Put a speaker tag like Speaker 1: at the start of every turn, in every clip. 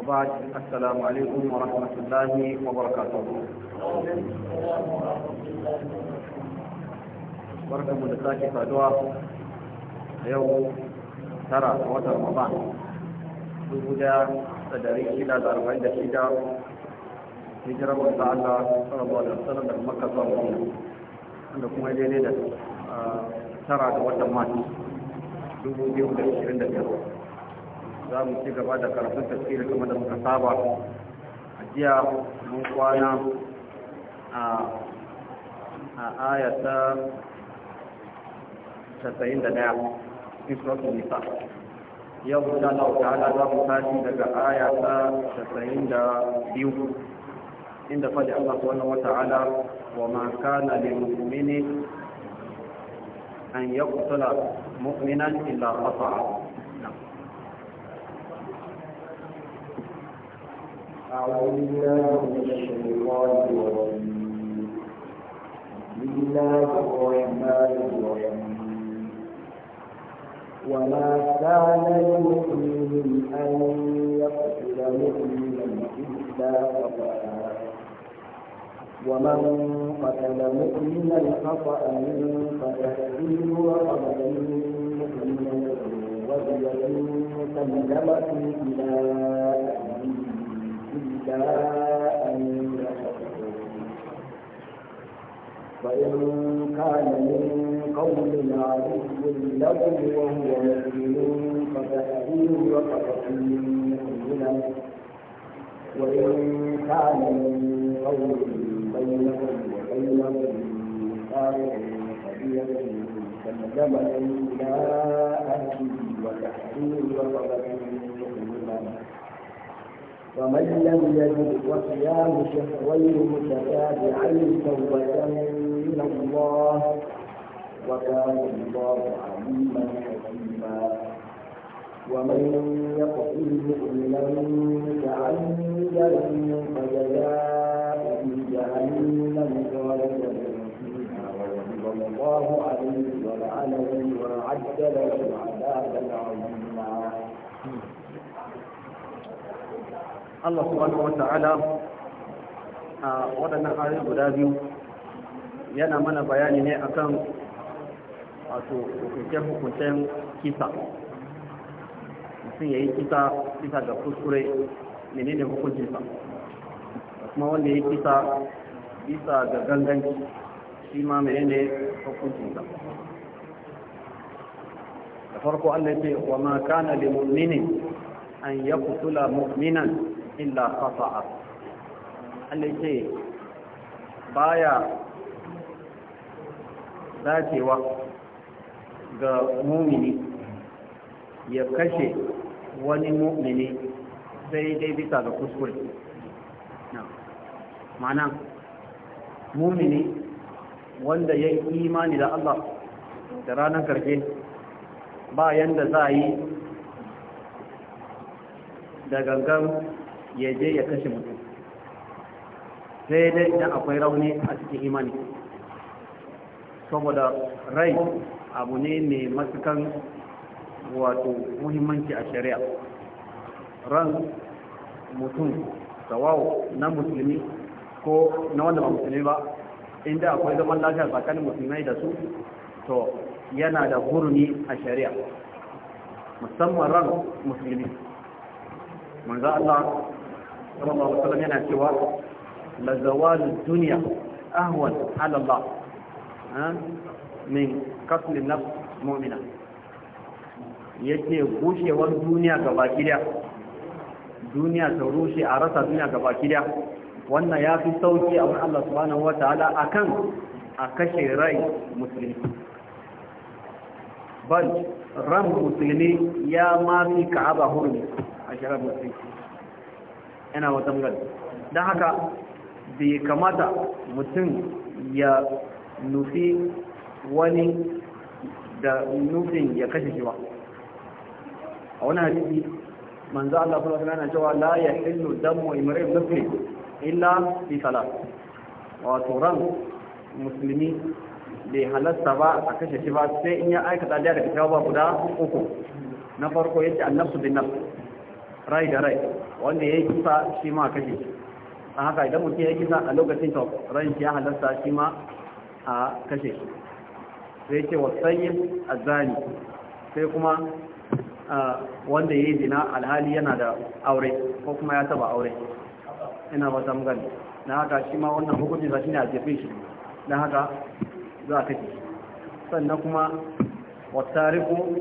Speaker 1: وبعد السلام عليكم ورحمة الله وبركاته بركة مدساكي فادوا يوم ترى وتر رمضان سبدا تدري إلى أربعين دقيقة هجرة وإلى الله صلى الله عليه وسلم من مكة صلى الله عليه وسلم عندكم أجل ترى وتر ماتي 2025 za mu ci gaba da karatun tafsiri kamar da muka saba a jiya mun kwana a ayata 91 in suratul nisa yau insha Allah ta'ala za mu tashi daga ayata 92 inda faɗi Allah subhanahu wa ta'ala wa ma kana lil mu'mini an yaqtala mu'minan illa khata'a
Speaker 2: أعوذ بالله من الشيطان الرجيم بسم الله الرحمن الرحيم وما كان لمؤمن أن يقتل مؤمنا إلا خطأ ومن قتل مؤمنا خطأ فتحرير رقبة مؤمنا وزية مكلمة إلى إلا فإن كان من قول عدو له وهو مؤمن فتحرير رقبة مؤمنة وإن كان من قول بينهم وبينهم ميثاق فدية فمدمة إلى أهله وتحرير رقبة ومن لم يجد وصيام شهرين متتابعين توبة من الله وكان الله عليما حكيما ومن يقتل مؤمنا متعمدا فجزاء جهنم خالدا فيها وغضب الله عليه ولعنه واعد له عذابا عظيما Allah subhanahu wa ta'ala a
Speaker 1: waɗannan ayoyi guda biyu yana mana bayani ne akan wato hukuncen hukuncen kisa mutum ya yi kisa kisa ga kuskure hukuncin hukuncinsa kuma wanda ya yi kisa bisa ga ganganci shi ma menene hukuncinsa da farko Allah ce wa ma kana da mu'minin an yaqtula mu'minan illa safa'a Allah ce baya dacewa ga mumini ya kashe wani mumini sai dai bisa ga kuskure ma'ana mumini wanda ya yi imani da Allah da ranar karfe ba yanda za a yi da gangan ya je ya kashe mutum sai dai idan akwai rauni a cikin imani saboda rai abu ne mai matukan wato muhimmanci a shari'a ran mutum tsawawo na musulmi ko na wanda ba musulmi ba inda akwai zaman lafiya tsakanin musulmai da su to yana da hurumi a shari'a musamman ran musulmi manzo Allah sallallahu alaihi wasallam yana cewa la zawalu dunya ahwan ala Allah min kaslin nafs mu'mina yake gushewar duniya gaba kida duniya ta rushe a rasa duniya gaba kida wannan ya fi sauki a wani Allah subhanahu wa ta'ala akan a kashe rai musulmi bal ran musulmi ya ma fi ka'aba hurmi a shirar musulmi yana wata gari don haka bai kamata mutum ya nufi wani da nufin ya kashe shi ba a wani hadisi manzo Allah sallallahu alaihi wasallam cewa la hillu damu imrin muslim illa bi salat wa turan muslimi bai halasta ba a kashe shi ba sai in ya aikata da daga tawa guda uku na farko yace annabi bin nafs rai da rai wanda ya yi kisa shi ma kashe shi a haka idan mutum ya kisa a lokacin ta ran shi ya halarta shi ma a kashe shi sai ce wasayin azani sai kuma wanda ya yi zina alhali yana da aure ko kuma ya taba aure ina ba ta mugani na haka shi ma wannan hukunci shi ne a jefin shi na haka za a kashe sannan kuma wasariku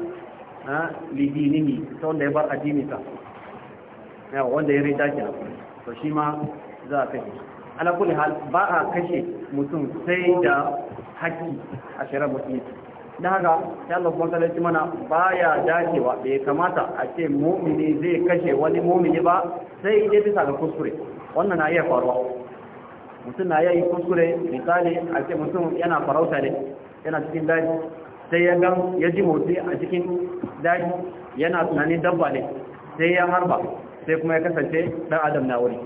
Speaker 1: lidinihi ta wanda ya bar adinisa wanda ya rita kenan to shi ma za a kashe ala kulli hal ba a kashe mutum sai da haƙƙi a shari'ar musulunci da haka ya Allah kuma talaci mana baya dacewa bai kamata a ce mumini zai kashe wani mumini ba sai ya bisa ga kuskure wannan na iya faruwa mutum na iya yi kuskure misali a ce mutum yana farauta ne yana cikin daji sai ya gan ya ji motsi a cikin daji yana tunanin dabba ne sai ya harba sai kuma ya kasance dan adam na wuri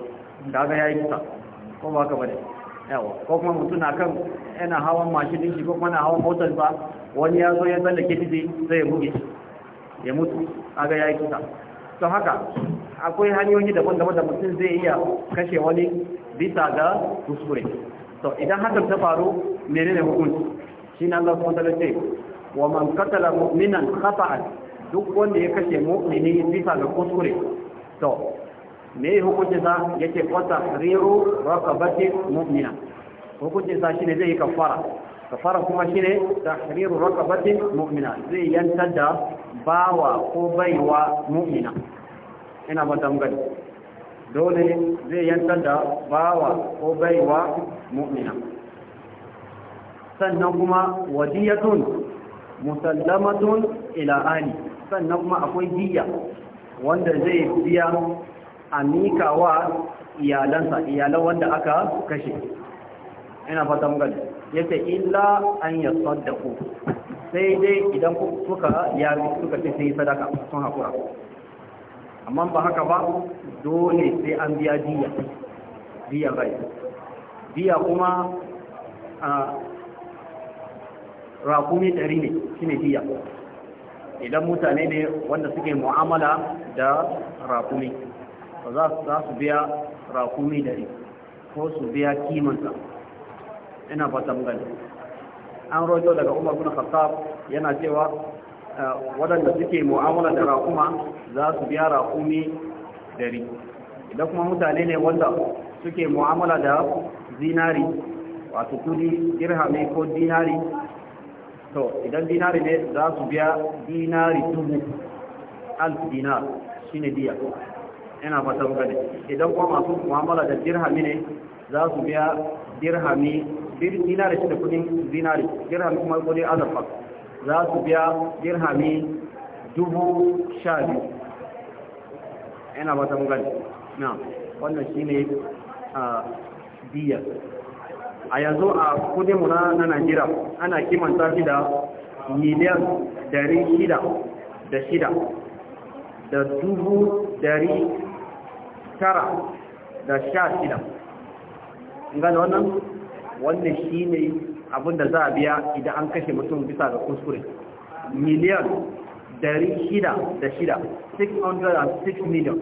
Speaker 1: ga yayi kusa ko ba ka bane yawa ko kuma mutum na kan yana hawan mashin din shi ko kuma na hawan motar ba wani ya zo ya tsallake titi sai ya buge ya mutu ga yayi kusa to haka akwai hanyoyi da banda da mutum zai iya kashe wani bisa ga kuskure to idan haka ta faru menene hukunci shi na Allah subhanahu wa ce wa man qatala mu'minan khata'an duk wanda ya kashe mu'mini bisa ga kuskure to me hukunci sa yake kwata riru rakabatin mu'mina hukunci sa shine zai yi kafara kafara kuma shine tahriru rakabatin mu'mina zai yanta da bawa ko baiwa mu'mina ina ba tambayi dole zai yanta da bawa ko baiwa mu'mina sannan kuma wadiyatun musallamatun ila ali sannan kuma akwai diya wanda zai biya a mika wa iyalansa iyalan wanda aka kashe ina fata Ya ce illa an yasaddaku sai dai idan suka ya suka ce sai sadaka sun haƙura. amma ba haka ba dole sai an biya biya. biya rai biya kuma a rakumi ɗari ne biya. diya idan mutane ne wanda suke mu'amala da rakumi ba za su biya rakumi dari ko su biya kimanta ina fatan gani an rojo daga umar bin khattab yana cewa eh, waɗanda suke mu'amala da rakuma za su biya rakumi dari idan kuma mutane ne wanda suke mu'amala da zinari wato kudi girhame ko dinari to idan dinari ne za su biya dinari dubu alf dinar shine diya ina fata muka ne idan kuma masu mu'amala da dirhami ne za su biya dirhami dinari shi da kudin dinari dirhami kuma kudin azurfa za su biya dirhami dubu sha biyu ina fata muka ne na wannan shine a ah, biyar a yanzu a kudin kudinmu na najira ana kimanta shi da miliyan dari shida da shida
Speaker 2: da dubu
Speaker 1: dari tara da sha shida gane wannan wannan shi ne abinda za a biya idan an kashe mutum bisa ga kuskure miliyan dari shida da shida 606 miliyan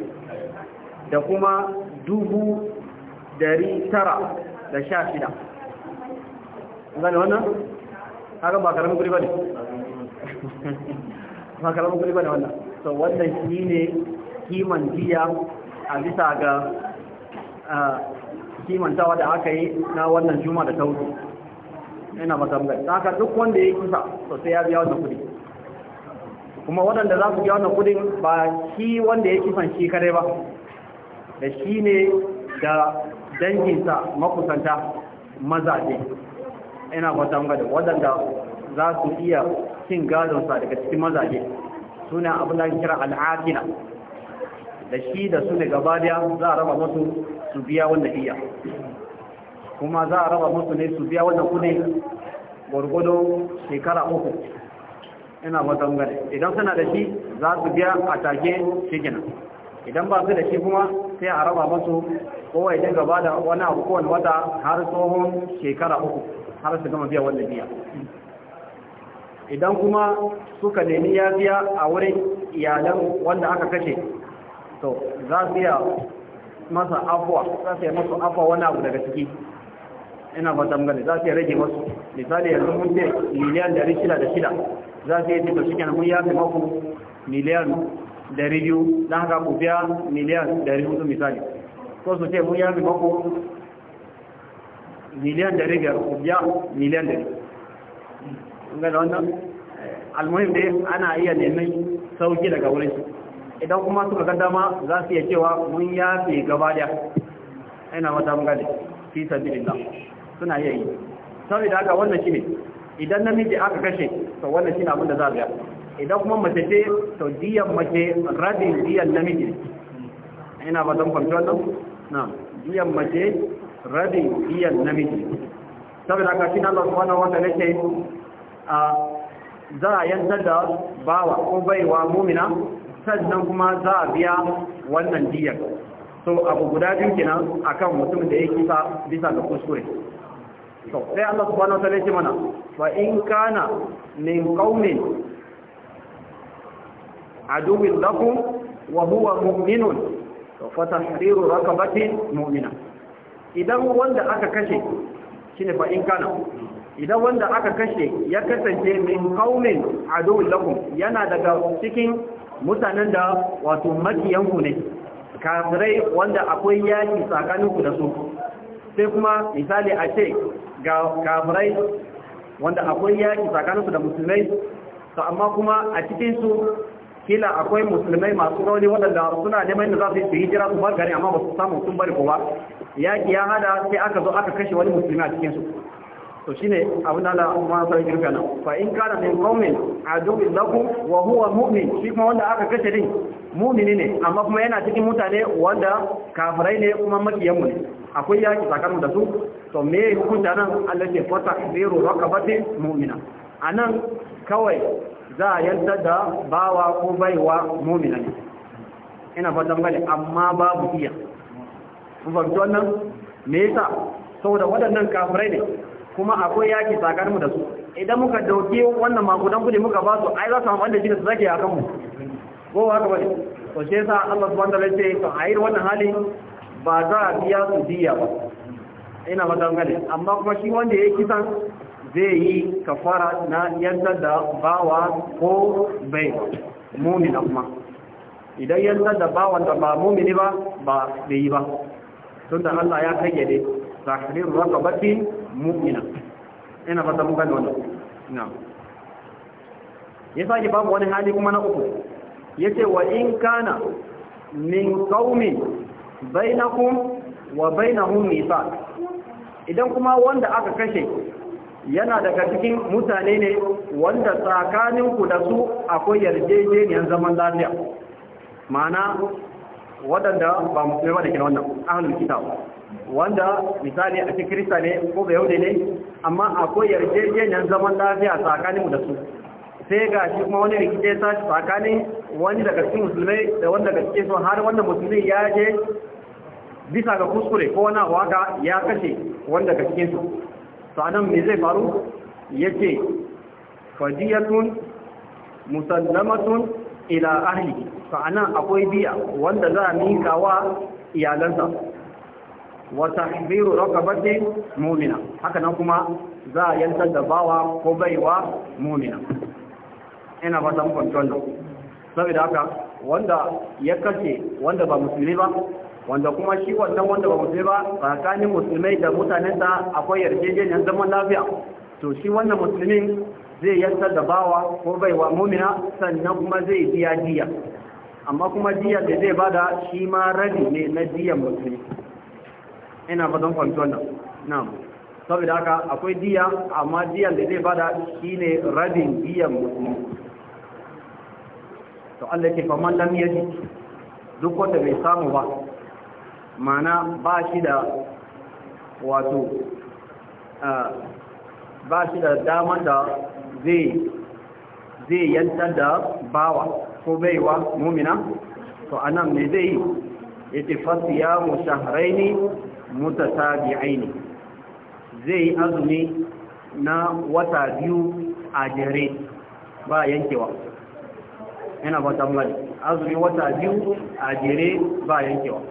Speaker 1: da kuma dubu dari tara da sha shida gane wannan haka ba karamin kuri ba ne ba karamin kuri ba ne wannan so wannan shi ne kiman jiya a bisa ga kimantawa da aka yi na wannan juma da ta wuce ba matamgar ta haka duk wanda ya yi kusa sosai sai ya biya wannan kudi kuma waɗanda za su biya wannan kudin ba shi wanda ya kifan shi kare ba da shi ne da danginsa makusanta mazaje ina kwata gada wadanda za su iya cin gadonsa daga cikin mazaje suna abin da kira al'adina da shi da su ne gaba za a raba musu su biya wanda iya kuma za a raba musu ne su biya wanda kudi gwargwado shekara uku ina watan gane idan suna da shi za su biya a take shi gina idan ba su da shi kuma sai a raba musu kowai don gaba da wani abu kowane wata har tsohon shekara uku har su gama biya wannan biya idan kuma suka nemi ya biya a wurin iyalan wanda aka kashe to za su iya masa afuwa za su yi masu afuwa wani abu daga ciki ina ba tamgane za su yi rage masu misali yanzu mun ce miliyan dari shida da shida za su yi jika shi kenan mun ya fi maku miliyan dari biyu don haka ku biya miliyan dari hudu misali ko su ce mun ya fi maku miliyan da rigar kubiya miliyan da rigar wannan almuhim dai ana iya neman sauki daga wurin idan kuma suka ga dama za su iya cewa mun yafe gaba da ina mata mun gane fi sabilillah suna iya yi Sau saboda aka wannan shine idan namiji aka kashe to wannan shine abin da za a biya idan kuma mace ce to diyan mace rabin diyan namiji ina ba don fahimci wannan na diyan mace rabin iyan namiji saboda ka shin Allah subhanahu wa ta'ala yake a za a yantar da bawa ko baiwa mumina sannan kuma za a biya wannan diyar so abu guda biyu kenan akan mutum da ya kisa bisa ga kuskure to sai Allah subhanahu wa ta'ala yake mana fa in kana min qaumin aduwwin lakum wa huwa mu'minun fa tahriru rakabatin mu'mina idan wanda aka kashe shi ne fa’in kana idan wanda aka kashe ya kasance min kaunin adon lakum yana daga cikin mutanen da wato makiyanku ne kafirai wanda akwai yaki tsakaninku da su sai kuma misali a ce ga kafirai wanda akwai yaki tsakaninku da musulmai su amma kuma a cikinsu. kila akwai musulmai masu rauni waɗanda suna neman da za su yi hijira su bar gari amma ba su samu sun bari kowa. ba yaki ya hada sai aka zo aka kashe wani musulmi a cikin su to shine abin da Allah ma sai girka nan fa in kana min qaumin adu billahu wa huwa mu'min shi kuma wanda aka kashe din mu'mini ne amma kuma yana cikin mutane wanda kafirai ne kuma makiyan ne akwai yaki tsakanin da su to me hukunta nan Allah ke fata biru rakabati mu'mina anan kawai za a yanta da bawa ko baiwa mumina ne ina fatan bane amma babu iya fahimci wannan me yasa saboda waɗannan kafirai ne kuma akwai yaki tsakaninmu da su idan muka dauke wannan makudan kudi muka ba su ai za su amma da shi su zake a kanmu ko haka bane to shi yasa Allah subhanahu wataala ce to a yi wannan hali ba za a biya su diya ba ina fatan bane amma kuma shi wanda ya yi kisan zai yi kafara na yadda da bawa ko bai na kuma idan yadda da bawan da ba ne ba ba bai yi ba tun da Allah ya kayyade zahirin baki mumina ina fata mun gani wannan na ya sake babu wani hali kuma na uku ya ce wa in kana min na bainakum wa bai na hun nisa idan kuma wanda aka kashe yana daga cikin mutane ne wanda tsakaninku da su akwai yarjejeniyar zaman lafiya ma'ana waɗanda ba mu ba da kira wannan ahalin kita wanda misali a cikin kirista ne ko bai yaude ne amma akwai yarjejeniyar zaman lafiya tsakaninmu da su sai ga shi kuma wani rikice ta tashi tsakanin wani daga cikin musulmai da wani daga cikin su har wanda musulmi ya je bisa ga kuskure ko wani waka ya kashe wani daga cikin su sanan me zai faru yace fadiyatun musallamatun ila ahli sa'anan akwai biya wanda za a minka wa iyalansa wa tahbiru raqabati mu'mina haka nan kuma za a yantar da bawa ko baiwa mu'mina ina fatan kwanton saboda haka wanda ya kace wanda ba musulmi ba wanda kuma shi wannan wanda ba musulmi ba tsakanin musulmai da mutanen sa akwai yarjejeniyar zaman lafiya to shi wannan musulmin zai yantar da bawa ko bai wa mumina sannan kuma zai biya diya amma kuma diya da zai da shi ma rabi ne na diyan musulmi ina fatan kwanton nan na'am saboda haka akwai diya amma diyan da zai bada shine rabin
Speaker 2: diyan musulmi
Speaker 1: to Allah ya ce faman lam yaji duk wanda bai samu ba Ma'ana ba shi da wato ba shi da dama da zai yanta da bawa ko baiwa mumina to anan ne zai yi yace fasiyamu shahraini mutatabi'aini zai azumi na wata biyu a jere ba yankewa yana ba tambaye azumi wata biyu a jere ba yankewa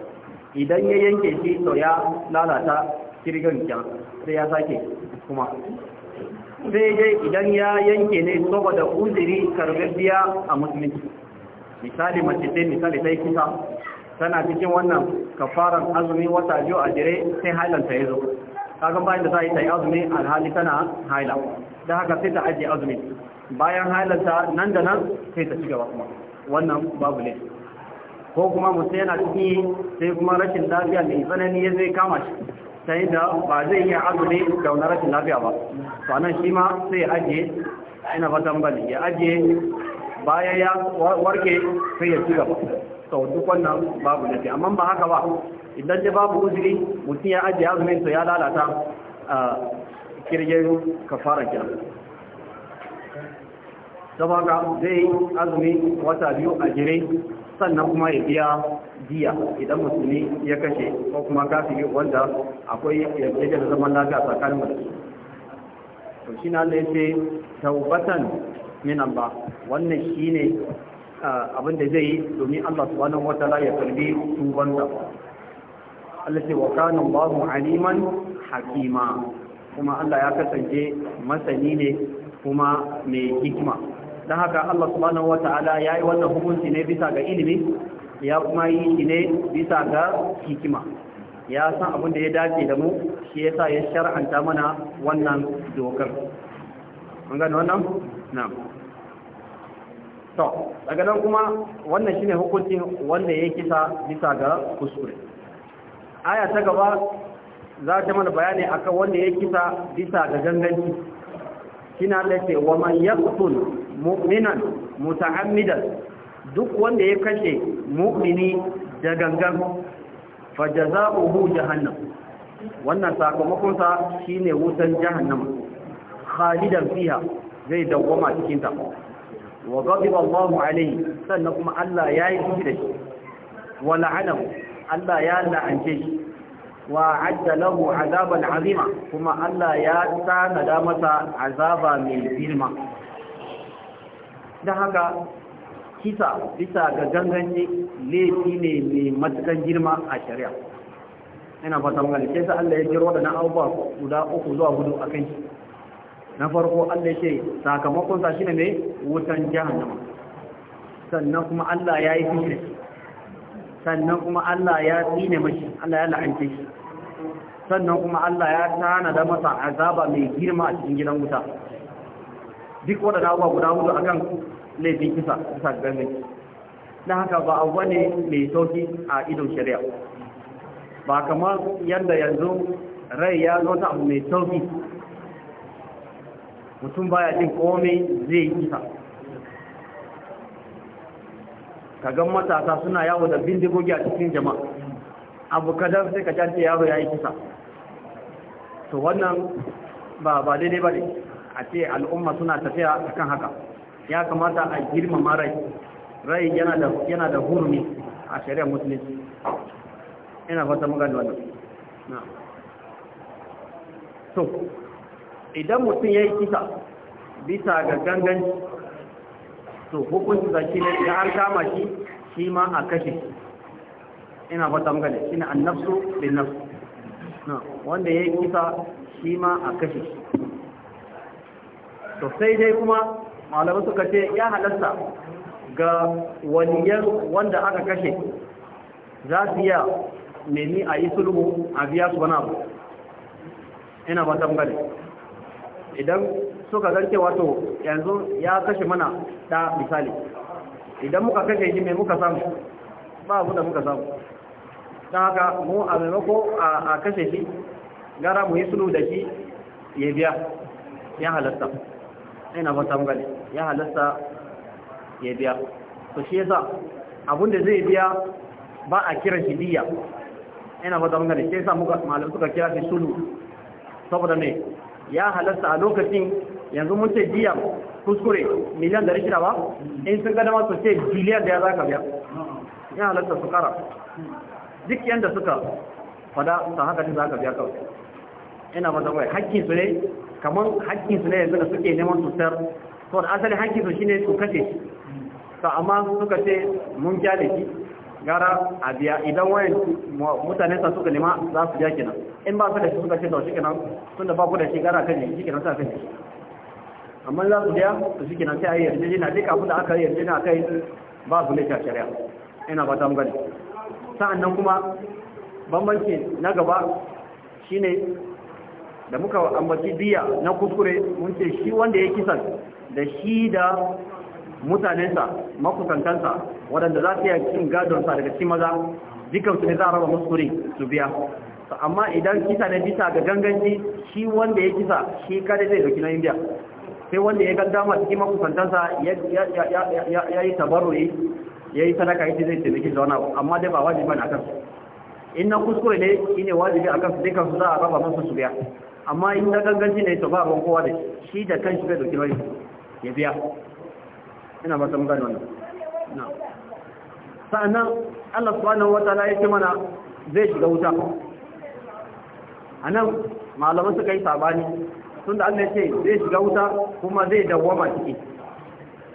Speaker 1: idan ya yanke shi to ya lalata kirgan can sai ya sake kuma
Speaker 3: sai
Speaker 1: dai idan ya yanke ne saboda uzuri karbiya a musulunci misali mace sai misali sai kisa tana cikin wannan kafaran azumi wata biyu a jire sai hailanta ya zo kagan bayan da za ta yi azumi alhali tana haila da haka sai ta ajiye azumi bayan hailanta nan da nan sai ta ci gaba kuma wannan babu ne ko kuma mutum yana ciki sai kuma rashin lafiya mai tsanani ya zai kama shi ta yi da ba zai iya azumi da wani rashin lafiya ba Ba nan shi ma sai ajiye ina fatan bane ya ajiye bayan ya warke sai ya ci gaba Sau duk wannan babu da amma ba haka ba idan da babu uzuri mutum ya ajiye azumin to ya lalata kirgin kafara kiran saboda zai azumi wata biyu a jire sannan kuma ya biya jiya idan musulmi ya kashe ko kuma kafiri wanda akwai da zaman lafiya tsakanin musulmi to shi na laife taubatan minan ba wannan shi ne abin da zai yi domin allah subhanahu wa ta'ala ya karbi wanda. allah ce wa kana allahu aliman hakima kuma allah ya kasance masani ne kuma mai hikima don haka Allah subhanahu wa ta'ala ya yi wannan hukunci ne bisa ga ilimi ya kuma yi shi ne bisa ga hikima ya san abin da ya dace da mu shi ya sa ya shar'anta mana wannan dokar an gane wannan? na to daga nan kuma wannan shine hukunci wanda ya kisa bisa ga kuskure aya ta gaba za ta mana bayani akan wanda ya kisa bisa ga ganganci kina da ce wa man yaqtul mu'minan duk wanda ya kashe mu'mini da gangan fajaza'uhu jahannan. wannan sakamakonsa shi ne wutan jahannan. khalidan fiya zai dawwama cikin ta wa ghadiba Allahu sannan kuma Allah ya yi shi da shi wa la'anahu Allah ya la'ance shi وعد له عذابا azima kuma Allah ya تانا masa azaba mai girma da haka kisa bisa ga ganganci laifi ne mai matukan girma a shari'a ina fata mun sai sa Allah ya jiro da na abubuwa guda uku zuwa hudu a shi na farko Allah ya ce sakamakon sa shine mai wutan jahannama sannan kuma Allah ya yi fushi sannan kuma Allah ya tsine mashi Allah ya la'ance shi sannan kuma Allah ya tana da masa azaba mai girma a cikin gidan wuta duk waɗanda abuwa guda hudu akan laifin kisa kisa gangan na haka ba abu ne mai sauki a idon shari'a ba kamar yadda yanzu rai ya zo ta abu mai sauki mutum baya jin komai zai kisa kagan matasa suna yawo da bindigogi a cikin jama'a abu kadar sai ka cance yaro ya yi kisa to wannan ba ba daidai ba ne a ce al'umma suna tafiya a kan haka ya kamata a girmama rai rai yana da hurumi a shari'ar musulunci ina fata mun gani wannan to idan mutum ya yi kisa bisa ga ganganci to hukunci zaki ne idan an kama shi shi ma a kashe ina fata magana shi ne annafsu bin nafsu wanda ya yi kusa shi ma a kashe to sai dai kuma malamai suka ce ya halarta ga waliyar wanda aka kashe za su iya nemi a yi sulhu a biya su wani abu ina fata magana idan ka garke wato yanzu ya kashe mana da misali idan muka kashe shi mai muka samu ba abu da muka samu ta haka mu a maimako a kashe shi gara mu yi sulu da shi ya biya ya halasta ina fata gani ya halasta ya biya to shi yasa da zai biya ba a kira shi diya ina fata gani shi yasa muka malam suka kira shi sulu saboda ne ya halasta a lokacin yanzu mun ce jiya kuskure miliyan da shida ba in sun gada masu ce biliyan da ya ka biya ya halatta su kara duk yadda suka fada ta haka ta ka biya kawai ina mata kawai hakkin su ne kamar hakkin su ne yanzu da suke neman su sayar to da asali hakkin su ne su kashe shi to amma suka ce mun da shi gara a biya idan wayan mutane sa suka nema za su biya kenan in ba su da shi suka ce to shi kenan da ba ku da shi gara kan shi kenan sa kan shi amma za su biya su shi kenan sai a yi yarjejina kafin da aka yi yarjejina kai ba su ne shari'a ina ba ta mu gani nan kuma bambanci na gaba shi ne da muka ambaci diya na kuskure mun ce shi wanda ya kisan da shi da mutanensa makusantansa waɗanda za su yi cin gadonsa daga cikin maza su ne za a raba muskure su biya amma idan kisa ne bisa ga ganganci shi wanda ya kisa shi kada zai dauki na biya sai wanda ya gaddama cikin makusantansa ya yi tabaruri ya yi sadaka ita zai taimaki da wani abu amma dai ba wajibi ne a su. in na kuskure ne shi ne wajibi a kansu dukkan su za a raba masu su biya amma in na ganganci ne to ba ban kowa da shi da kan shi bai dauki nauyi ya biya ina ba ta mun gane wannan sa'annan Allah subhanahu wataala ya ce mana zai shiga wuta A nan malaman suka yi sabani tunda Allah ya ce zai shiga wuta kuma zai dawwama ciki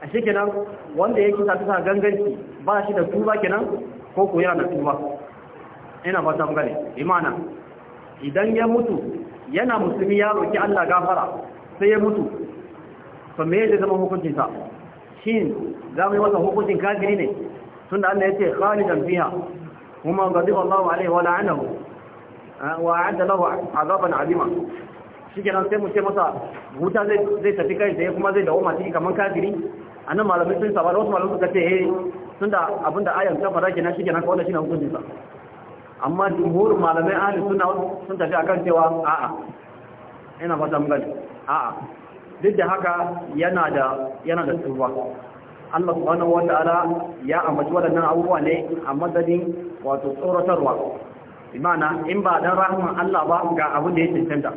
Speaker 1: a shi kenan wanda ya sa ta ganganci ba shi da tuba kenan ko ko yana da tuba ina ba san gane imana idan ya mutu yana musulmi ya roki Allah gafara sai ya mutu to me zai zama hukuncin sa shin za mu yi masa hukuncin kafiri ne tunda Allah ya ce khalidan fiha kuma gadi Allahu alaihi wa la'anahu wa a'adda lahu 'adaban 'azima shike nan sai mu ce masa wuta zai tafi kai sai kuma zai dawo masu kamar kafiri a nan malamai sun saba da wasu malamai suka ce eh Sun da abin da ayan ta fara kenan shike nan kawai shi na hukuncin sa amma jumhur malamai ahli sunna sun tafi akan cewa a'a ina fata mun gani a'a duk da haka yana da yana da tsuwa Allah subhanahu ta'ala ya ambaci waɗannan abubuwa ne a madadin wato tsoratarwa imana in ba dan rahman Allah ba ga abin da ya cancanta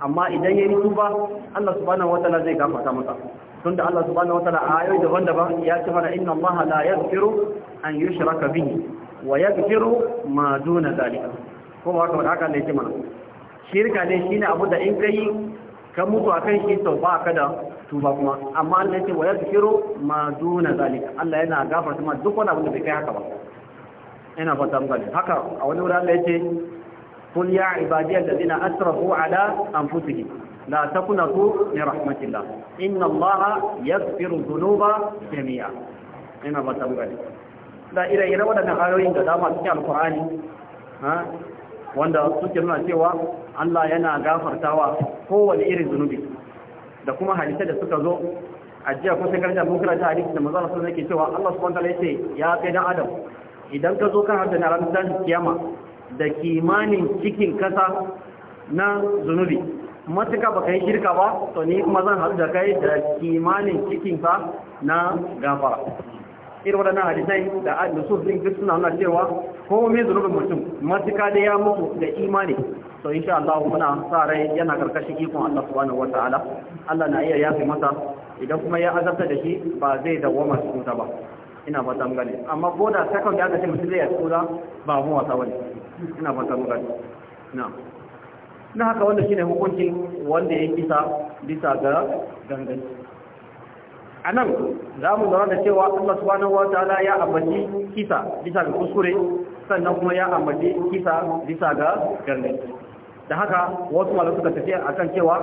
Speaker 1: amma idan yayi tuba Allah subhanahu wataala zai gafarta masa tunda Allah subhanahu wataala a ayoyi daban-daban ya ce mana inna Allah la yaghfiru an yushraka bihi wa yaghfiru ma duna zalika kuma haka wanda haka ne ce mana shirka ne shine abu da in kai ka mutu akan shi to ba ka da tuba kuma amma Allah ce wa yaghfiru ma duna zalika Allah yana gafarta ma duk wani abu da bai kai haka ba ina fata mun haka a wani wuri Allah ya ce قل يا عبادي الذين أسرفوا على أنفسهم لا تقنطوا من رحمة الله إن الله يغفر الذنوب جميعا ina ba tabu gani da ire-ire waɗannan ayoyin da dama cikin alkur'ani wanda suke nuna cewa Allah yana gafartawa kowane iri zunubi da kuma hadisai da suka zo a jiya kun sai karanta mun karanta hadisi da manzo Allah yake cewa Allah subhanahu wa ta'ala ya kai dan adam idan ka zo kan hadda na ran kiyama da kimanin cikin kasa na zunubi matuka baka yi shirka ba to ni kuma zan haɗu da kai da kimanin cikin ka na gafara irin waɗannan hadisai da nusus din duk suna nuna cewa komai zunubin mutum matuka da ya mutu da imani to insha Allah muna sa rai yana karkashin ikon Allah subhanahu wataala Allah na iya yafi masa idan kuma ya azabta da shi ba zai dawoma cikin ta ba ina fata mun gane amma ko da sakon da aka ce mutum zai ya tsura ba mu wasa wani ina fata mu gani na haka wanda shine hukuncin wanda ya kisa bisa ga dangane a nan za mu zama da cewa Allah subhanahu wa ta'ala ya ambaci kisa bisa ga kuskure sannan kuma ya ambaci kisa bisa ga dangane da haka wasu malar suka tafi kan cewa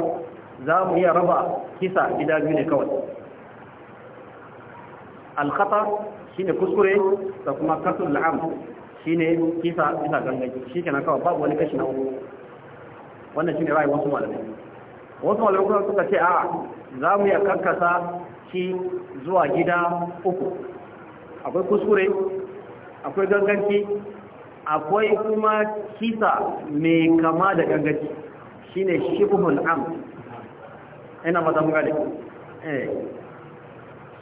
Speaker 1: za mu iya raba kisa gida biyu ne kawai alkhata shine kuskure da kuma kasul la'am. shine kisa bisa gangaji shikenan kawai babu wani kashi na uku wannan shine rayu wasu malamai wasu malamai kuma suka ce a za mu iya karkasa shi zuwa gida uku akwai kuskure akwai ganganci akwai kuma kisa mai kama da gangaci shine shibhul am ina mata mu gane eh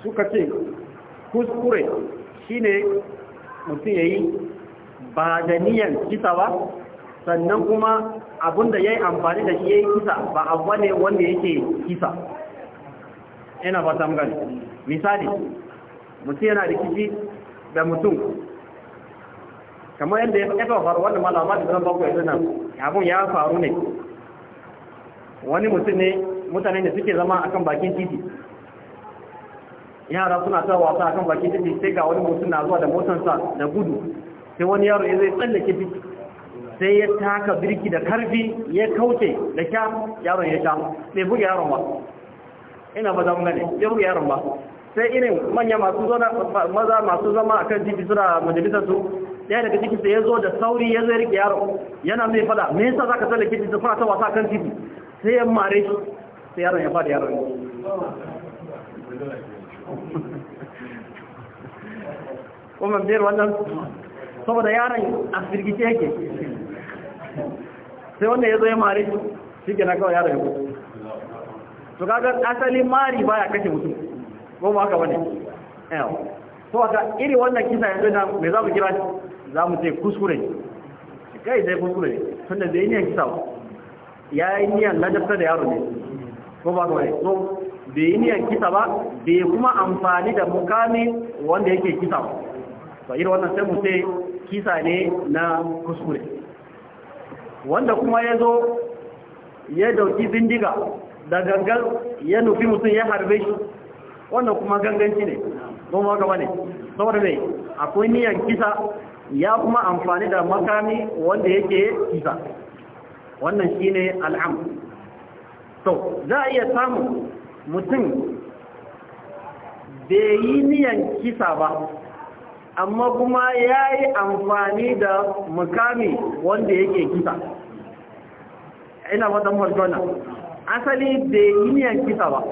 Speaker 1: suka ce kuskure shine mutum ya yi. ba da niyan kisa ba sannan kuma abinda ya yi amfani da shi ya yi kisa ba abuwa ne wanda yake kisa Ina ba ta misali mutum yana da da mutum kamar yadda ya faɗa faru wanda malama da zan bakwai suna abin ya faru ne wani mutum ne mutane da suke zama akan bakin titi yara suna ta wasa akan bakin titi sai ga wani mutum na zuwa da motansa da gudu sai wani yaro ya zai tsallake fiki sai ya taka birki da karfi ya kauce da kya yaron ya sha bai buga yaron ba ina ba zama gane bai buga yaron ba sai irin manya masu zona maza masu zama akan jibi suna majalisar su ɗaya daga cikin sai ya zo da sauri ya zai rike yaro yana mai fada me yasa zaka tsallake titi fara ta wasa kan titi sai ya mare shi sai yaron ya fada yaron kuma biyar wannan saboda yaran a firgice yake sai wanda ya zo ya mare shi shi ke na kawai yaran ya kusa to kaga asali mari baya kashe mutum ko ba haka bane yau Ko haka iri wannan kisa yanzu na mai za mu kira shi za mu ce kuskure kai zai kuskure tunda da niyan kisa ya yi niyan lajabta da yaro ne ko ba haka bane So, bai yi niyan kisa ba bai kuma amfani da mukamin wanda yake kisa ba to irin wannan sai mu ce kisa ne na kuskure wanda kuma ya zo ya dauki bindiga da gangan ya nufi mutum ya harbe shi wannan kuma ganganci ne kuma gaba ne saboda mai akwai niyan kisa ya kuma amfani da makami wanda yake kisa wannan shi ne al'am to za a iya samun mutum bai yi niyan kisa ba amma kuma ya yi amfani da mukami wanda yake kisa ina watan marjona asali da yi kisa ba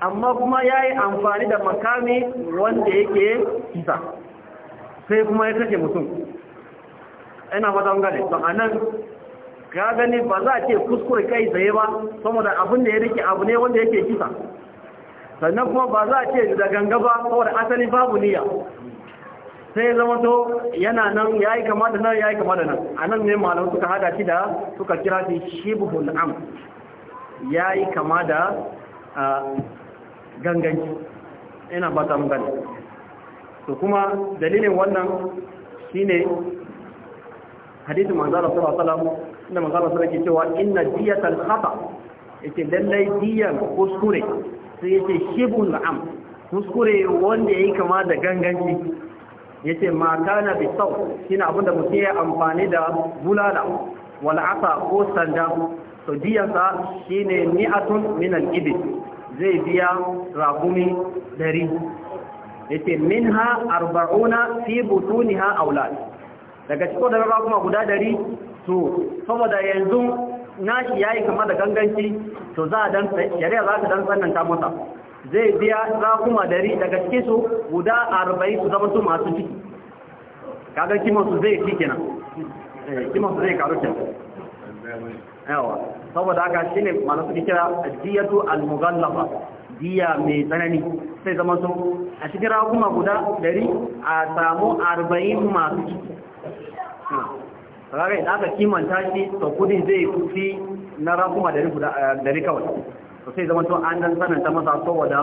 Speaker 1: amma kuma ya yi amfani da mukami wanda yake kisa sai kuma ya kashe mutum ina watan gane don a nan ka gani ba za a ce kuskure kai tsaye ba saboda abin da ya rike abu ne wanda yake kisa sannan kuma ba za a ce da ganga ba saboda asali babu niyya sai zama to yana nan ya yi kama da nan ya yi kama da nan a nan ne malam suka hada shi da suka kira shi shibhul am ya yi kama da ganganci yana ba ta gani to kuma dalilin wannan shine hadisin manzara sallallahu alaihi wasallam inda manzara sallallahu ke cewa inna diyatal ya ce lallai diyan kuskure sai shi shibhul am kuskure wanda ya yi kama da ganganci yace ma kana bi sau shine abinda mutum ya amfani da bulala wal ko sanda to diyansa shine ni'atun min al ibil zai biya ragumi dari yace minha 40 fi butuniha aulad daga ciko da raguma guda dari to saboda yanzu nashi yayi kama da ganganci to za a dan shari'a za ka dan sannan ta mota. zai biya rakuma dari daga cikin su guda arba'in su zama su masu ciki kaga kiman su zai fi kenan eh, kiman su zai karu kenan yawa saboda shi shine mana suke kira diyatu al-mughallafa diya mai tsanani sai zama su a cikin rakuma guda dari a samu arba'in masu ciki kaga idan aka kimanta shi to kudin zai fi na rakuma dari eh, kawai to sai zama to an dan ta masa saboda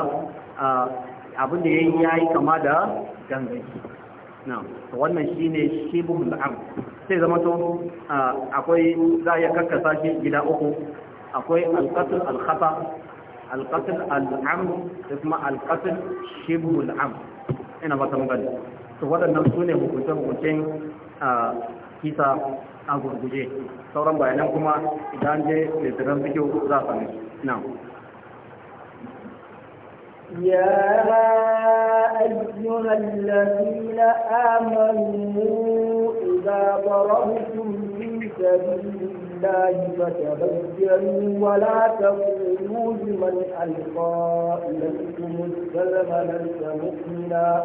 Speaker 1: abin da yayi yayi kama da ganganci na to wannan shine shibul am sai zama to akwai za ya karkasa shi gida uku akwai alqatl alkhata alqatl al'am da kuma alqatl shibul am ina ba ta magana to waɗannan su ne hukunce-hukuncen kisa a gurguje sauran bayanan kuma idan je littattafan fikiyo za a sami na
Speaker 2: يا أيها الذين آمنوا إذا ضربتم في سبيل الله فتبينوا ولا تقولوا لمن ألقى إليكم السلم ليس مؤمنا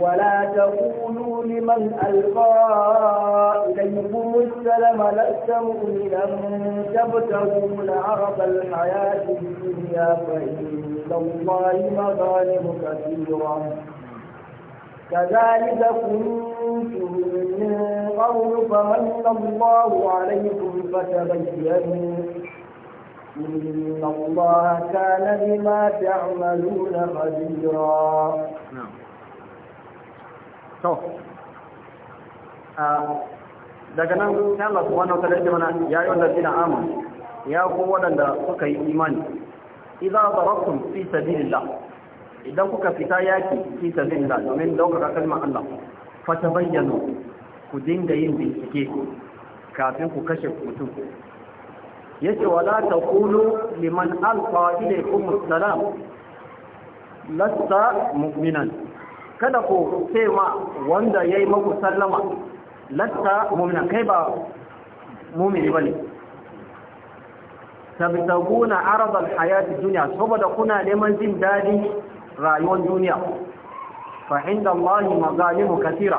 Speaker 2: ولا تقولوا لمن ألقى إليكم السلم لست مؤمنا تبتغون عرض الحياة الدنيا فإن إلى الله مغانم كثيرا كذلك كنتم من قول فمن الله عليكم فتبينوا إن الله كان بما تعملون خبيرا
Speaker 1: daga nan sai Allah subhanahu wa ta'ala ya yi wannan dina amma ya ku waɗanda suka yi imani idza darabtum fi sabilillah idan kuka fita yaki fi sabilillah domin daukaka kalmar Allah tabayyanu ku dinga yin bincike kafin ku kashe mutum yace wala taqulu liman alqa ilaykum assalam lasta mu'minan kada ku ce ma wanda yayi maku sallama lasta mu'mina kai ba mu'mini bane tabtaguna alhayat hayati dunya saboda kuna neman jin dadi rayuwar duniya fa inda Allah katira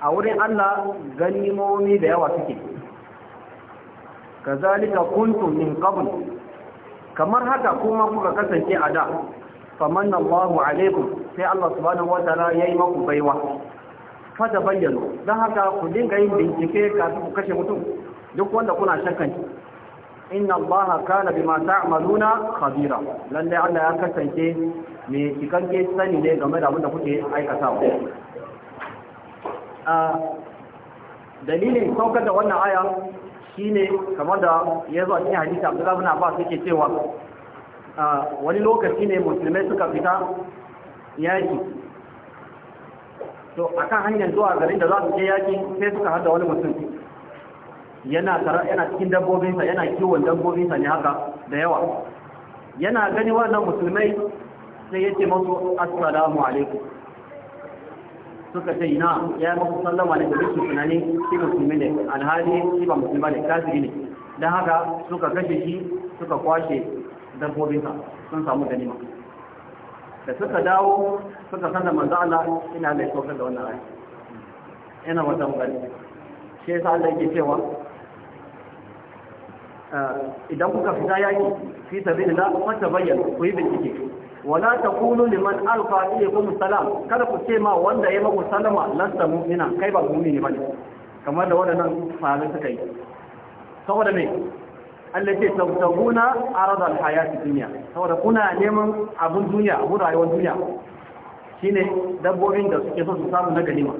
Speaker 1: a wurin Allah ganimomi da yawa suke kazalika kuntum min qabl kamar haka kuma kuka kasance a da famanna Allahu alaikum sai Allah subhanahu ta'ala yayi maku baiwa fata bayyano dan haka ku dinga yin bincike kafin ku kashe mutum duk wanda kuna shakkan inna allaha kana bima ta'maluna khabira lalle Allah ya kasance me cikakke sani ne game da abin kuke aikata a dalilin saukar da wannan aya shine kamar da ya zo a cikin hadisi Abdullah ibn Abbas yake cewa wani lokaci ne musulmai suka fita yaki to akan hanyar zuwa garin da za su je yaki sai suka hada wani mutum yana yana cikin dabbobinsa yana kiwon dabbobinsa ne haka da yawa yana gani wannan musulmai sai yace musu assalamu alaikum suka ce ina ya yi masu sallama ne da duk tunani shi musulmi ne alhali shi ba musulma ne kafiri ne don haka suka kashe shi suka kwashe dabbobinsa sun samu ganima da suka dawo suka san da manzo Allah ina mai saukar da wannan ayi ina wata mugari shi yasa Allah yake cewa Eh, idan kuka fita yaki fi sabilillah mata bayyana ku yi bincike wala kulu liman alqa ilaykum salam kada ku ce ma wanda ya maku salama lasta mu'mina kai ba mu'mini bane kamar da wadannan sahabbai suka yi saboda me Allah ce tabtaguna aradal hayati dunya saboda kuna neman abun duniya abun rayuwar duniya shine dabbobin da suke so su samu na ganima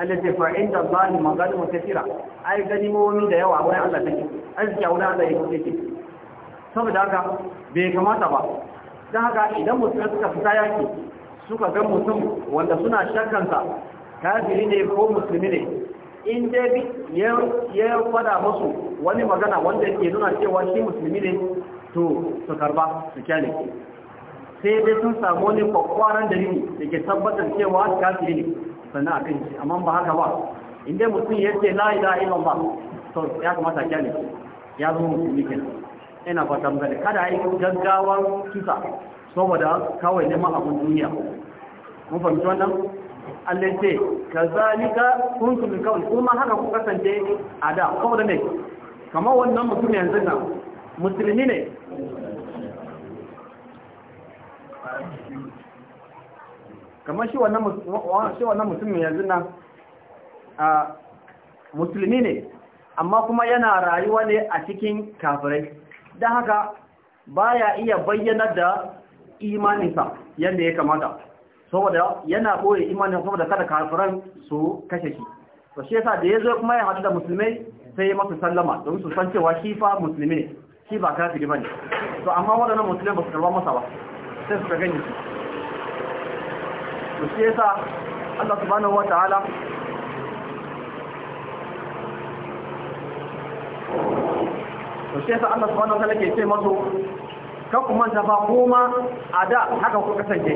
Speaker 1: التي فعند الله مغانم كثيرة أي غنيمومي da yawa wani Allah take arziki wani Allah ya kuke saboda haka bai kamata ba dan haka idan mutum suka fita yaki suka ga mutum wanda suna shakkansa kafiri ne ko musulmi ne in dai ya ya fada musu wani magana wanda yake nuna cewa shi musulmi ne to su karba su kyale sai dai sun samu ne kwakwaran dalili da ke tabbatar cewa kafiri ne sannan a kan shi amma ba haka ba inda mutum ya ce la ila ba, to ya kamata kyale ya zo musulmi kenan ina fata mutane kada yi gaggawar kisa saboda kawai neman abin duniya mun fahimci wannan Allah ce kazalika kun min kawai kuma haka ku kasance a da saboda ne kamar wannan mutum yanzu nan musulmi ne kamar shi wannan musulmi yanzu nan musulmi ne amma kuma yana rayuwa ne a cikin kafirai don haka baya iya bayyana da imaninsa yadda ya kamata saboda yana koyi imanin saboda kada kafiran su kashe shi to shi yasa da ya zo kuma ya hadu da musulmai sai ya masu sallama don su san cewa shi fa musulmi ne shi ba kafiri bane to amma waɗannan musulmai ba su karba masa ba sai suka gani shi to shi yasa Allah subhanahu wataala to shi yasa Allah subhanahu wataala ke ce masu Ka ku manta fa koma a da haka ku kasance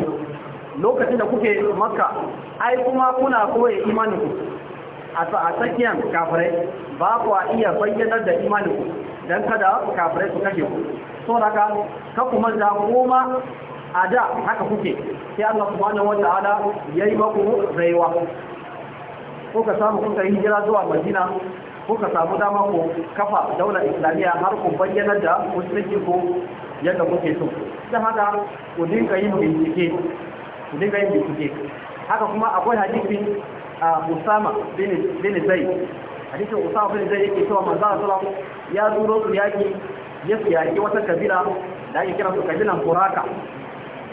Speaker 1: lokacin da kuke makka ai kuma kuna koye imaninku a tsakiyar kafirai ba ku a iya bayyanar da imaninku don kada kafirai su kashe ku so daga ka kuma da koma a da haka kuke sai Allah subhanahu wata'ala yayi maku ko ka samu kuka yi hijira zuwa Madina ka samu dama ku kafa daular Islamiyya har ku bayyana da musulunci ku yadda kuke so dan haka ku dinga yin bincike ku dinga yin bincike haka kuma akwai a Usama bin bin Zaid hadisin Usama bin Zaid yake cewa manzo sallallahu alaihi ya zuro su yaki ya yaki wata kabila da ake kira su kabilan Quraka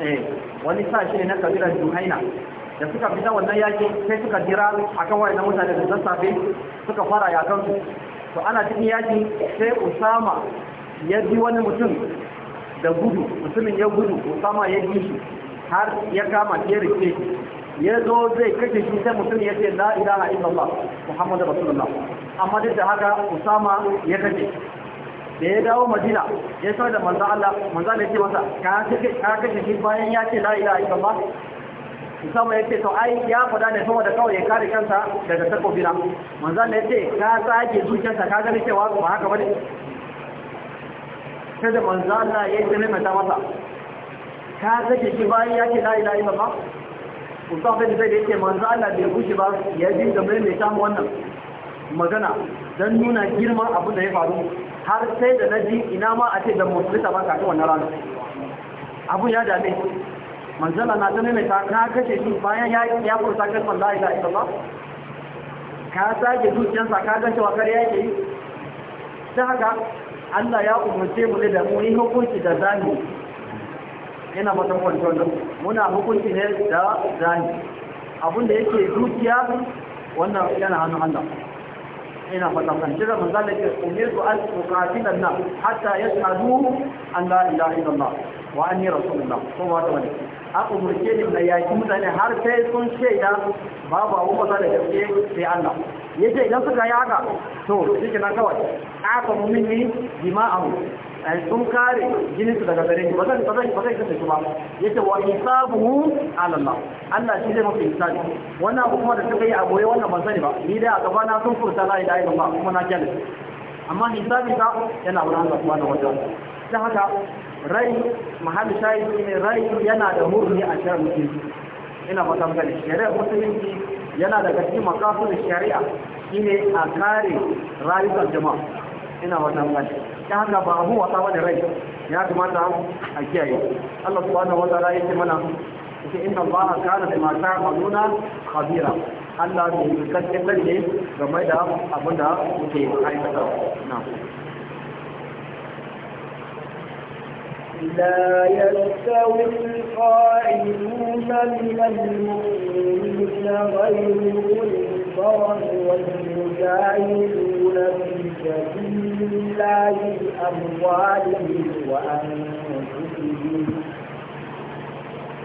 Speaker 1: Eh, wani sashi ne na kabilar juhaina da suka fita wannan yaƙi sai suka jira akan na mutane da sassafe suka fara yakan su to ana cikin yaki sai usama ya bi wani mutum da gudu mutumin ya gudu usama ya bi shi har ya kama ya rike ya zo zai kashe shi sai mutum ya ce la ilaha illallah muhammadu rasulullah amma duk da haka usama ya kashe da ya dawo madina ya sau da manzo Allah manzan Allah ya ce masa ka kashe shi bayan ya ce la ilaha illallah musamman ya ce sau ai ya fada ne saboda kawai ya kare kansa daga takobi na manzo ya ce ka tsage zuciyarsa ka gani cewa ba haka ba ne? sai da manzo Allah ya ce mai ta masa ka kashe shi bayan ya ce la ilaha illallah musamman da zai ce manzo Allah bai gushi ba ya jin da mai mai samu wannan magana don nuna girman abin da ya faru har sai da na ji ina ma a ce da musulunta ba kafin wannan rana abun ya dame manzala na tsanai mai ta kashe shi bayan ya furta kalmar la ilaha ba, ka sake zuciyarsa ka ga wa kare yake yi ta haka Allah ya umarce mu ne da mu yi hukunci da zani yana matan kwanton da muna hukunci ne da zani abinda da yake zuciya wannan yana hannun Allah ina fata kan jira manzo Allah ke umirtu an uqatila an-nas hatta yashhadu an la ilaha illallah wa anni rasulullah kuma da wani aka murke ni da yaki mutane har sai sun shaida babu abu ba da gaske sai Allah yace idan suka yi haka to shi kenan kawai aka mu'mini jima'ahu ai sun kare jinin su daga gare ni ba zai ba zan ba zan kace su ba yace wa hisabuhu ala Allah Allah shi zai mafi hisabi wannan abu kuma da suka yi a boye wannan ban sani ba ni dai a gaba na sun furta la ilaha illallah kuma na kyale amma hisabi ta yana wurin Allah subhanahu wa wajen. dan haka rai mahalli shayi ne rai yana da murni a cikin mutum ina fata maka da shari'a musulunci yana daga cikin makasu shari'a shine a kare rayukan jama'a ina fata maka ta haka ba abun wasa wani rai ya kamata a kiyaye Allah subhanahu wa ta'ala yake mana yake inna Allah kana bima ta'maluna khabira Allah ne cikakken sani lalle game da abin da kuke aikata na
Speaker 2: لا يستوي القاعدون من المؤمنين غير الفرج والمجاهدون في سبيل الله بأموالهم وأنفسهم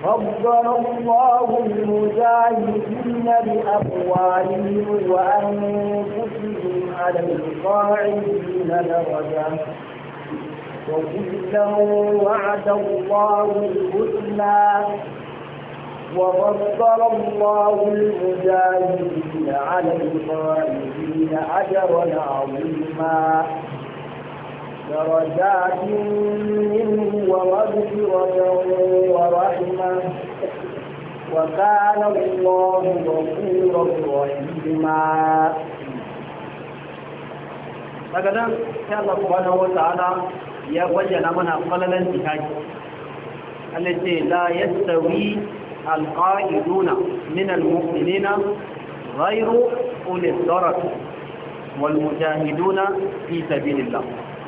Speaker 2: فضل الله المجاهدين بأموالهم وأنفسهم على القاعدين درجة وكلا وعد الله الحسنى وفضل الله المجاهدين على الخالدين أجرا عظيما درجات منه ومغفرة ورحمة وكان الله غفورا رحيما daga كان sai Allah subhanahu wata'ala ya
Speaker 1: bayyana mana falalan jihadi Allah ce la yastawi القائدون من المؤمنين غير أولي الدرك والمجاهدون في سبيل الله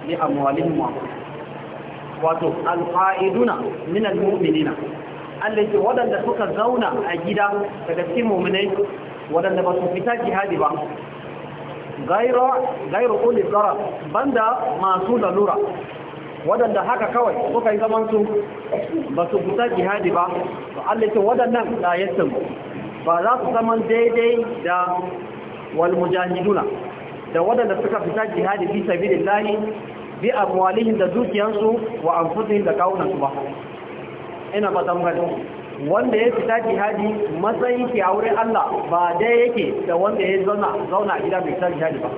Speaker 1: لأموالهم وأموالهم القائدون من المؤمنين التي ودن لسوك الزونة أجيدا فتبسي مؤمنين ودن لبسو في تاجي هادبا غير غير أولي الدرك بند ما سول نورا waɗanda haka kawai suka yi zaman su ba su fita jihadi ba to Allah ce waɗannan ayatun ba za su zaman daidai da wal mujahiduna da waɗanda suka fita jihadi fi sabilillahi bi amwalihim da dukiyansu wa anfusihim da kawunansu ba ina ba tambaye wanda ya fita jihadi matsayin ki a wurin Allah ba dai yake da wanda ya zauna a gida bai fita jihadi ba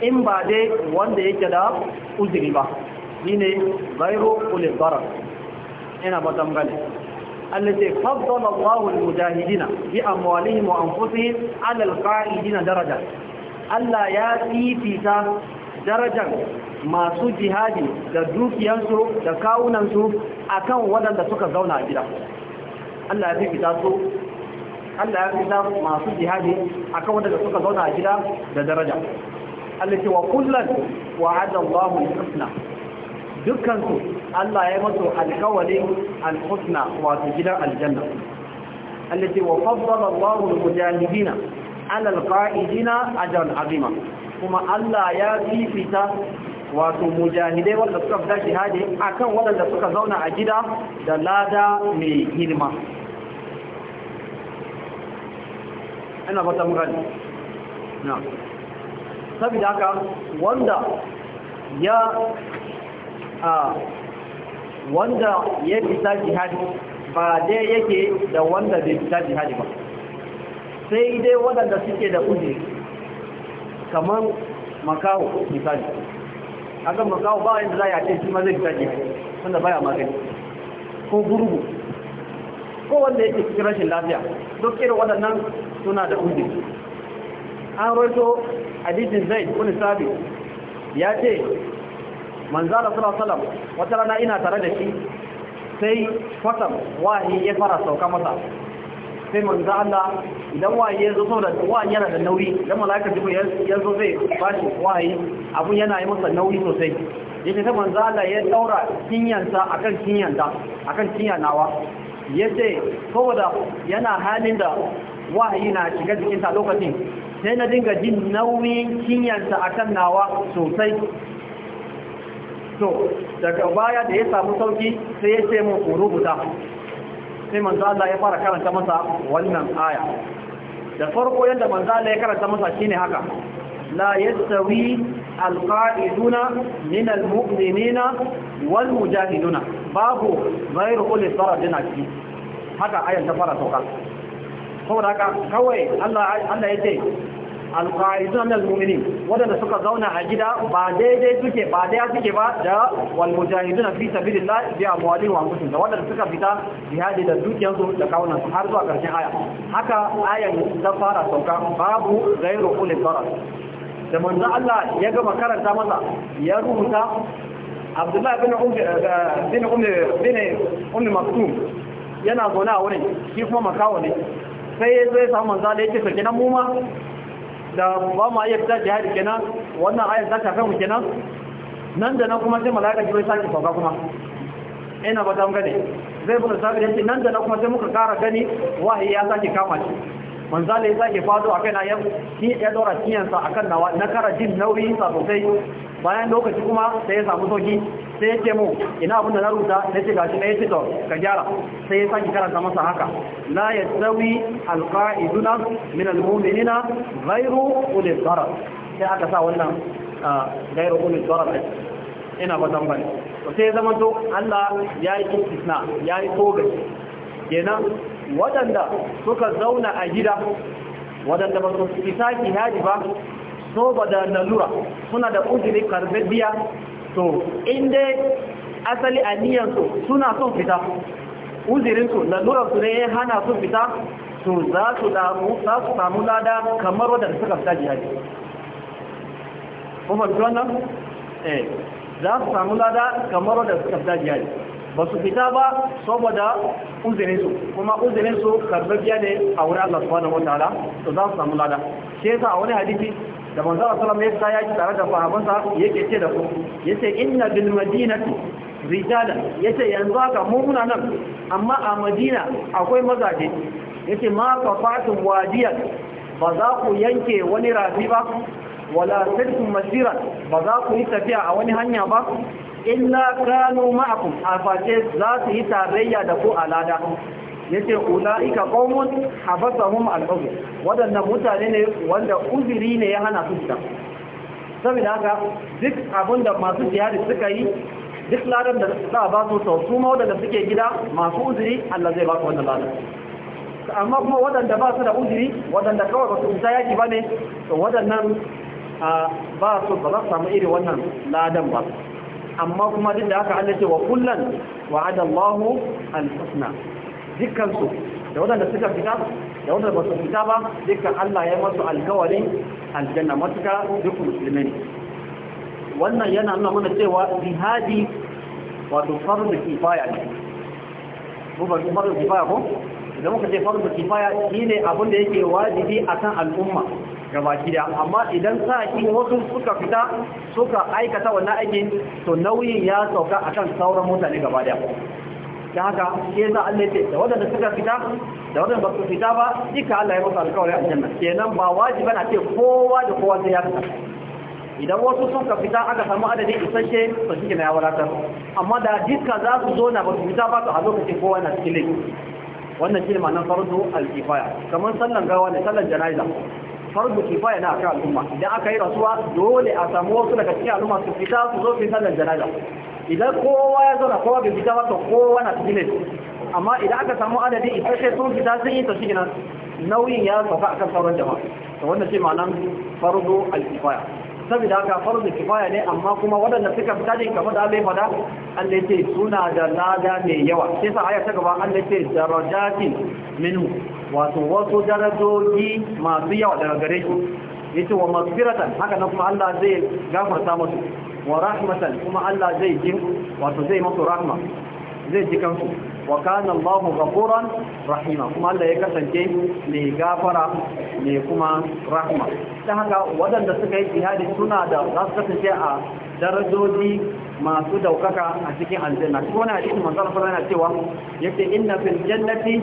Speaker 1: in ba dai wanda yake da uzuri ba shine ghairu ulil darar ina ba tambale allati faddala Allahu al-mujahidina bi amwalihim wa anfusihim 'ala al-qa'idina daraja Allah ya fifita darajar masu jihadi da dukiyansu da akan waɗanda suka zauna a gida Allah ya fifita su Allah ya fifita masu jihadi akan waɗanda suka zauna a gida da daraja Allah ce wa kullun wa'ada Allahu al-husna dukkansu Allah ya masu alkawalin alhusna wato gidan aljanna allati wa faddala Allahu al-mujahidina ala al-qa'idina ajran azima kuma Allah ya fifita wato mujahidai wanda suka fita jihadi akan waɗanda suka zauna a gida da lada mai girma ina ba ta mugani na saboda haka wanda ya a wanda ya fita jihadi ba dai yake da wanda bai fita jihadi ba sai dai waɗanda suke da uje kamar makawo misali akan makawo ba wanda za a ce shi ma zai fita jihadi wanda baya magani ko gurgu ko wanda yake cikin rashin lafiya duk irin waɗannan suna da uje an roto hadisin zai wani sabi ya ce manzo da sallallahu wata rana ina tare da shi sai kwatam wahi ya fara sauka masa sai manzo Allah idan wahi ya zo saboda wahi yana da nauyi idan malaika jiko ya zo zai bashi wahi abun yana yi masa nauyi sosai yace sai manzo Allah ya daura kinyansa akan kinyanta akan kinyanawa yace saboda yana halin da wahayi na shiga jikinta lokacin sai na dinga jin nauyin kinyanta akan nawa sosai to daga baya da ya samu sauki sai ya ce mun rubuta sai manzo Allah ya fara karanta masa wannan aya da farko yanda manzo Allah ya karanta masa shine haka la yastawi alqa'iduna min almu'minina wal mujahiduna babu ghayru qul sarajina ki haka ayan ta fara sauka saboda haka kawai Allah Allah ya ce alqaizun almu'minin wadanda suka zauna a gida ba daidai suke ba daya suke ba da wal na fi sabilillah bi amwalihim wa anfusihim da wadanda suka fita jihadi da dukiyansu da kawunan su har zuwa karshen aya haka ayan ta fara sauka babu ghairu ulil darar da manzo Allah ya gama karanta masa ya rubuta Abdullahi bin Ummi Maktum yana zaune a wurin shi kuma makawo ne sai ya zo ya samu manzo Allah yake sake nan mu ma da ba mu iya fita jihadi kenan wannan ayat za ta kai mu kenan nan da nan kuma sai mala'ika jibril sai sauka kuma ina ba ta gane zai buga sabi da nan da nan kuma sai muka kara gani wahayi ya sake kama shi manzala ya sake fado a kaina ya ya dora kiyansa akan nawa na kara jin nauyi sa sosai bayan lokaci kuma sai ya samu soki sai ya ce mu ina abin da na ruta na ce gashi na ya ce to ka gyara sai ya sake karanta masa haka la yastawi alƙa'iduna min almu'minina ghayru ulil darar sai aka sa wannan ghayru ulil darar ina ba tambari to sai ya zama to Allah ya yi istisna ya yi togaci kenan waɗanda suka zauna a gida waɗanda ba su isa haji ba so ba da lalura suna da ujiri karbabbiya to inda asali aniyansu suna son fita uzirinsu lalurarsu ne hana su fita to za su samu lada kamar waɗanda suka fita jihadi kuma wannan eh za su samu lada kamar waɗanda suka fita jihadi ba su fita ba saboda su kuma uzurinsu karfafiya ne a wuri Allah subhanahu wataala to za su samu lada shi yasa a wani hadisi da manzo Allah sallallahu alaihi wasallam ya tare da ya yake ce da ku yace inna bil madinati rijalan yace yanzu haka mu muna nan amma a Madina akwai mazaje yace ma kafatun wadiyan ba za ku yanke wani rafi ba wala tadkum masira ba za ku yi tafiya a wani hanya ba illa kanu ma'akum aface za su yi tarayya da ku alada yace ulaika qaumun habasahum al-uzr wadanna mutane ne wanda uzuri ne ya hana su da saboda haka duk abinda masu jihadi suka yi duk ladan da za a ba su sau su ma wadanda suke gida masu uzuri Allah zai ba su wannan ladan amma kuma wadanda ba su da uzuri wadanda kawai ba su isa yaki ba ne to wadannan ba su ba za su samu irin wannan ladan ba amma kuma duk da aka Allah ce wa kullan wa'ada Allahu al-husna dukkan su da wadanda suka fita da wadanda ba su fita ba dukkan Allah ya masu alkawarin aljanna matuka duk musulmai wannan yana nuna mana cewa jihadi wato farzu kifaya ne ko ba farzu kifaya ko da muka ce farko kifaya shine abin da yake wajibi a kan al'umma gabaki da amma idan sa shi wasu suka fita suka aikata wannan aikin to nauyin ya sauka a kan sauran mutane gaba daya Ta haka ke za Allah ce da wadanda suka fita da wadanda ba su fita ba Dika Allah ya musu alƙawari a Ke kenan ba wajibi na ce kowa da kowa sai ya fita idan wasu suka fita aka samu adadin isasshe to shi ne ya wadatar amma da duka za su zo na ba su fita ba to a lokacin kowa na cikin laifi wannan shi ma'anar fardu al-kifaya kamar sallan gawa ne sallan janaiza fardu kifaya na akan al'umma idan aka yi rasuwa dole a samu wasu daga cikin al'umma su fita su zo su sallan janaiza idan kowa ya zauna kowa bai fita ba to kowa na cikin amma idan aka samu adadi isasshe sun fita sun yi ta shi nauyin ya sauka akan sauran jama'a to wannan shi ma'anar fardu al-kifaya saboda haka farzu kifaya ne amma kuma waɗanda suka fita ne kamar da Allah fada Allah ce suna da lada mai yawa sai sa aya ta gaba Allah ce darajatin minhu wato wasu darajoji masu yawa daga gare shi yace wa maghfiratan haka nan kuma Allah zai gafarta musu wa rahmatan kuma Allah zai jin wato zai musu rahma zai ji kansu wa kana Allahu ghafuran rahima kuma Allah ya kasance mai gafara mai kuma rahma dan haka wadanda suka yi jihadi suna da za su kasance a darajoji masu daukaka a cikin aljanna ko na cikin manzon Allah yana cewa yake inna fil jannati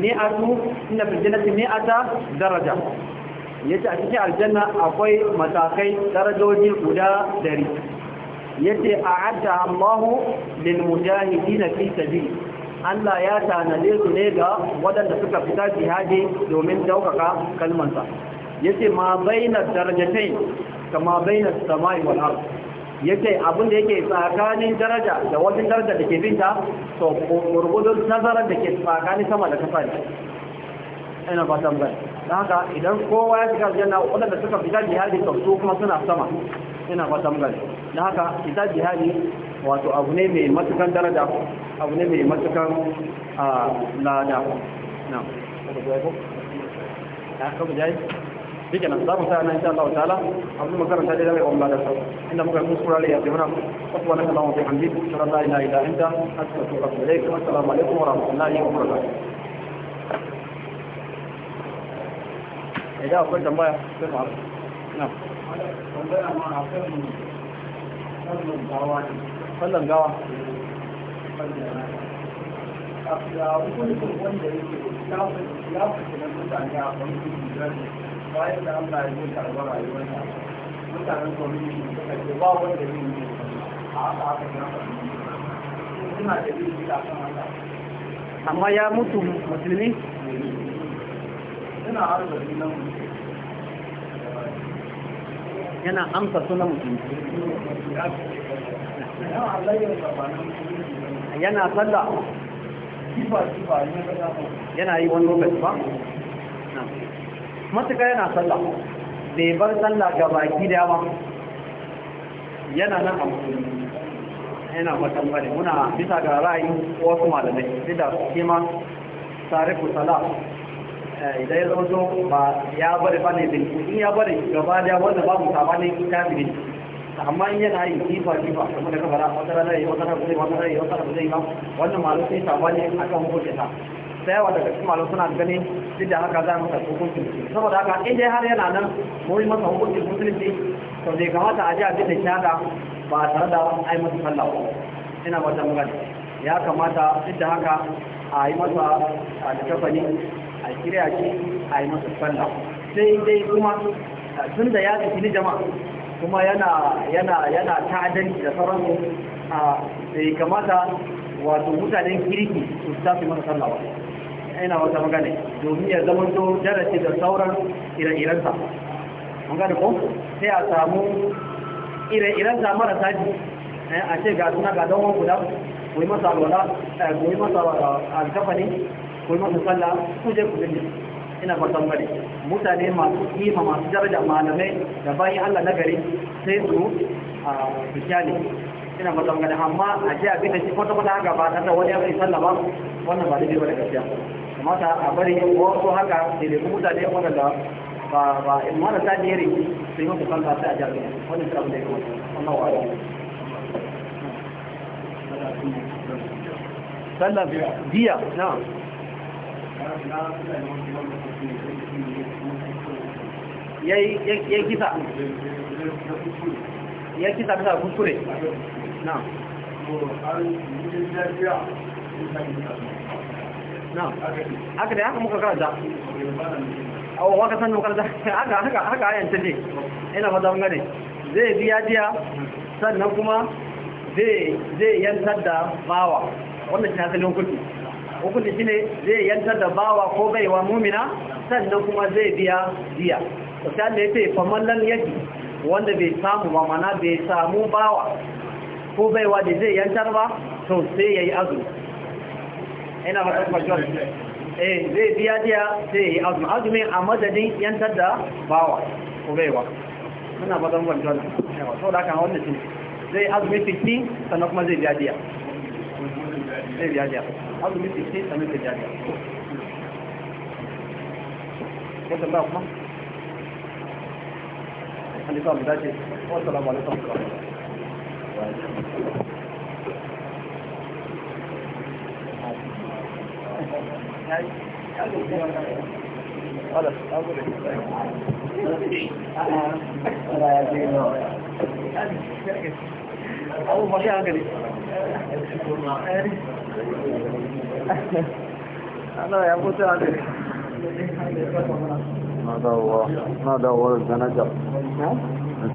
Speaker 1: ni'atu inna fil jannati ni'ata daraja yace a cikin aljanna akwai matakai darajoji guda ɗari. yace a'adda Allahu lil mujahidin fi sabili Allah ya tanade su ne ga waɗanda suka fita jihadi domin daukaka sa yace ma baina darajatai kama baina samai wal ard yace abin da yake tsakanin daraja da wata daraja da ke binta to gurgudun nazara da ke tsakanin sama da kasa ne ina fatan bai haka idan kowa ya shiga aljanna waɗanda suka fita jihadi to su kuma suna sama ina fata mgani na haka ita jihadi wato abu ne mai matukan daraja abu ne mai matukan lada na shike nan za mu sa nan insha Allah ta'ala abin makaranta dai zai da sau inda muka alaikum wa rahmatullahi wa idan akwai tambaya sai mu na
Speaker 2: sallan gawa a hukuncin wanda yake ya fi na mutane a kwamitin jirage bayan ya yi mutanen wanda yi a haka aka kira da kan haka amma ya mutu musulmi suna harbar nan musulmi
Speaker 1: yana amsa sunan mutum yana sallah yana yi wani lokaci ba matuka yana sallah bai bar sallah ga baki da yawa yana nan a yana matan bane muna bisa ga ra'ayin wasu malamai sai da kima ku salah Eh, idan ya zama ba ya bari ba ne bin in ya bari gaba da wanda babu sabanin kafiri amma in yana yi kifa kifa kuma da kafara wata rana yi wata rana zai wata rana yi wata rana zai ba wannan malu sai sabani akan hukunci sa sai wa daga cikin malu suna ganin duk da haka za mu masa hukunci saboda haka in dai har yana nan mu yi masa hukunci musulunci to bai kamata a ji a bisa shada ba tare da ai masa sallah ba ina ba ta magana ya kamata duk da haka a yi masa a cikin kafani a a ce a yi masa sallah sai dai kuma tun da ya tafi ni jama'a kuma yana yana yana ta'adanci da sauransu a sai kamata wato mutanen kirki su tafi masa sallah ba ina wata magana domin ya zama to darasi da sauran ire-irensa mun gane ko sai a samu ire-irensa marasa ji eh, a ce ga suna ga don wani guda ku yi masa alwala eh, ku yi masa alkafani ko masu sallah ku je ku gani ina fatan bari mutane masu kima masu daraja malamai da bayan Allah na gari sai su a bishani ina fatan bari amma a je a bita shi kwata kwata haka ba tare da wani ya bai sallah ba wannan ba daidai ba da gaskiya kamata a bari ko haka sai da mutane wanda ba ba in wanda ta ne riki sai masu sallah
Speaker 2: sai a je a bita wannan sai abin da ya kamata Allah wa'ala sallah biya na'am
Speaker 1: ya kisa ya kisa kuskure na na da haka a sannan haka haka haka ne gane zai biya biya sannan kuma zai yantar da bawa wannan shi hasilin kudi hukunci shi ne zai yantar da bawa ko baiwa mumina sannan kuma zai biya biya kusa da ya ce famallan yaki wanda bai samu ba mana bai samu bawa ko baiwa da zai yantar ba to sai ya yi azumi ina matan fashiwar eh zai biya biya sai ya yi azumi azumi a madadin yantar da bawa ko baiwa muna matan fashiwar sau da kan wannan shi zai azumi 15 sannan kuma zai biya biya zai biya biya azumi da sai sanin da jami'a
Speaker 2: kada ba kuma an isa mu dace wa alaikum wa rahmatullahi Allah ya mutu
Speaker 3: na da